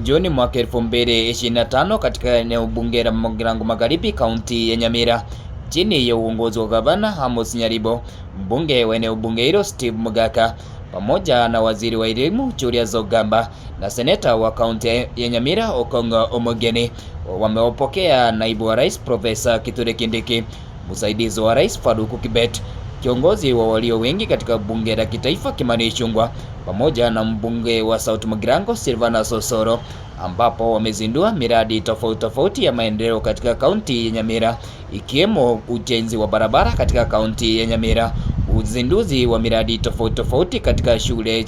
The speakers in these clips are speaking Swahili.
Juni mwaka 2025 katika eneo bunge la Mogirango Magharibi, kaunti ya Nyamira chini ya uongozi wa gavana Amos Nyaribo, mbunge wa eneo bunge hilo Steve Mugaka pamoja na waziri wa elimu Julius Ogamba na seneta wa kaunti ya Nyamira Okongo Omogeni. Wamewapokea naibu wa rais Profesa Kithure Kindiki, msaidizi wa rais Faruku Kibet kiongozi wa walio wengi katika bunge la kitaifa Kimani Ichung'wah pamoja na mbunge wa South Mugirango Silvanus Osoro ambapo wamezindua miradi tofauti tofauti ya maendeleo katika kaunti ya Nyamira ikiwemo ujenzi wa barabara katika kaunti ya Nyamira, uzinduzi wa miradi tofauti tofauti katika shule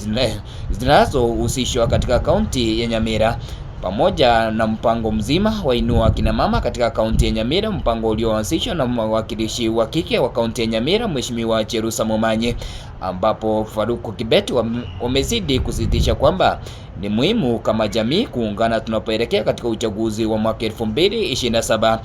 zinazohusishwa katika kaunti ya Nyamira pamoja na mpango mzima wa Inua kina Mama katika kaunti ya Nyamira, mpango ulioanzishwa na mwakilishi wa kike wa kaunti ya Nyamira Mheshimiwa Cherusa Momanye, ambapo Faruku Kibet wamezidi kusitisha kwamba ni muhimu kama jamii kuungana tunapoelekea katika uchaguzi wa mwaka 2027.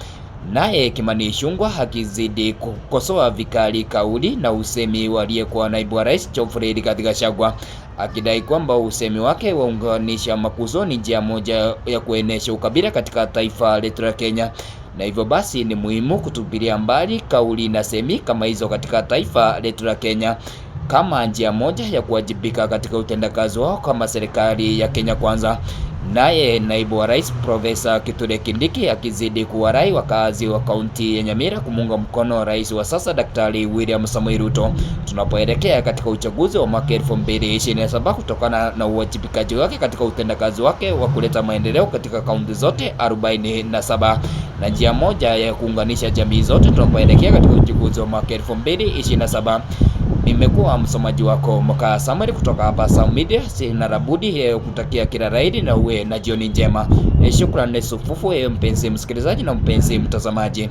Naye Kimani Ichung'wa akizidi kukosoa vikali kauli na usemi wa aliyekuwa naibu wa rais Geoffrey Rigathi Gachagua akidai kwamba usemi wake waunganisha makuzo ni njia moja ya kuenesha ukabila katika taifa letu la Kenya, na hivyo basi ni muhimu kutupilia mbali kauli na semi kama hizo katika taifa letu la Kenya kama njia moja ya kuwajibika katika utendakazi wao kama serikali ya Kenya Kwanza. Naye naibu wa rais Profesa Kithure Kindiki akizidi kuwarai wakazi wa kaunti ya Nyamira kumuunga mkono rais wa sasa Daktari William Samoei Ruto tunapoelekea katika uchaguzi wa mwaka 2027 kutokana na uwajibikaji wake katika utendakazi wake wa kuleta maendeleo katika kaunti zote 47 na njia moja ya kuunganisha jamii zote tunapoelekea katika uchaguzi wa mwaka 2027. Nimekuwa msomaji wako Moka samari kutoka hapa Sam Media. Sina la budi eh, kutakia kila laheri na uwe na jioni njema. Eh, shukrani sufufu eh, mpenzi msikilizaji na mpenzi mtazamaji.